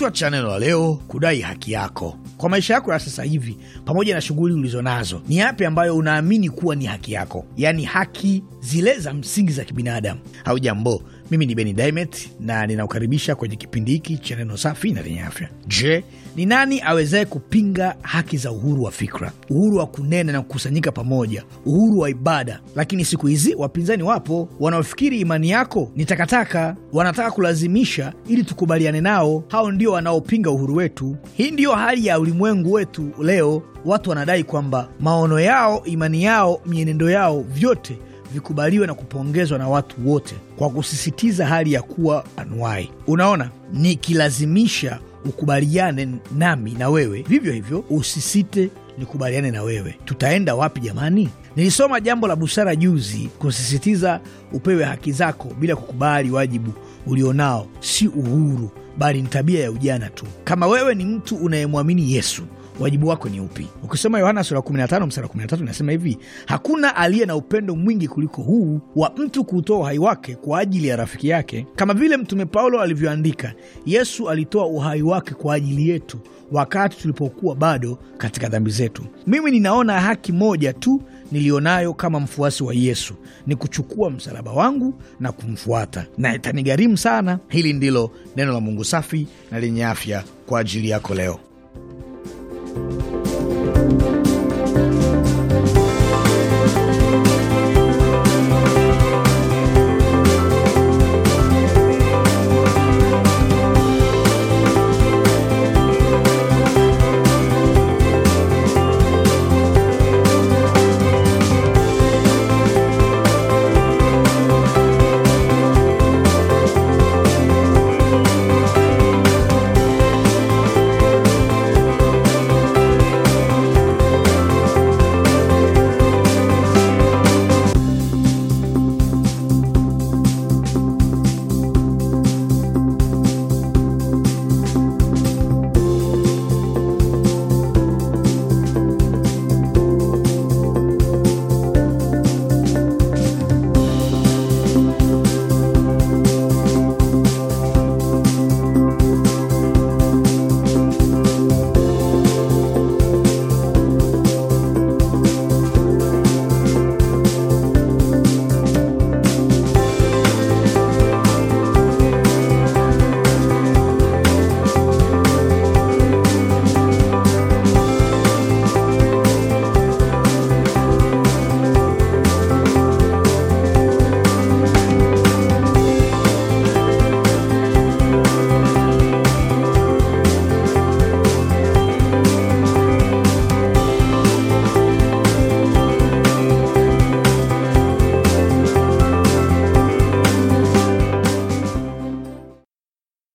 Kichwa cha neno la leo: kudai haki yako kwa maisha yako ya sasa hivi, pamoja na shughuli ulizonazo, ni yapi ambayo unaamini kuwa ni haki yako, yaani haki zile za msingi za kibinadamu? Au jambo, mimi ni Beni Dimet na ninakukaribisha kwenye kipindi hiki cha neno safi na lenye afya. Je, ni nani awezaye kupinga haki za uhuru wa fikra, uhuru wa kunena na kukusanyika pamoja, uhuru wa ibada? Lakini siku hizi wapinzani wapo wanaofikiri imani yako ni takataka, wanataka kulazimisha ili tukubaliane nao. Hao ndio wanaopinga uhuru wetu. Hii ndiyo hali ya ulimwengu wetu leo, watu wanadai kwamba maono yao, imani yao, mienendo yao, vyote vikubaliwe na kupongezwa na watu wote, kwa kusisitiza hali ya kuwa anuai. Unaona, nikilazimisha ukubaliane nami na wewe, vivyo hivyo usisite nikubaliane na wewe, tutaenda wapi jamani? Nilisoma jambo la busara juzi, kusisitiza upewe haki zako bila kukubali wajibu ulionao si uhuru, bali ni tabia ya ujana tu. Kama wewe ni mtu unayemwamini Yesu wajibu wako ni upi? Ukisoma Yohana sura 15 mstari 13 inasema hivi, hakuna aliye na upendo mwingi kuliko huu wa mtu kuutoa uhai wake kwa ajili ya rafiki yake. Kama vile Mtume Paulo alivyoandika, Yesu alitoa uhai wake kwa ajili yetu wakati tulipokuwa bado katika dhambi zetu. Mimi ninaona haki moja tu nilionayo kama mfuasi wa Yesu ni kuchukua msalaba wangu na kumfuata, na itanigharimu sana. Hili ndilo neno la Mungu safi na lenye afya kwa ajili yako leo.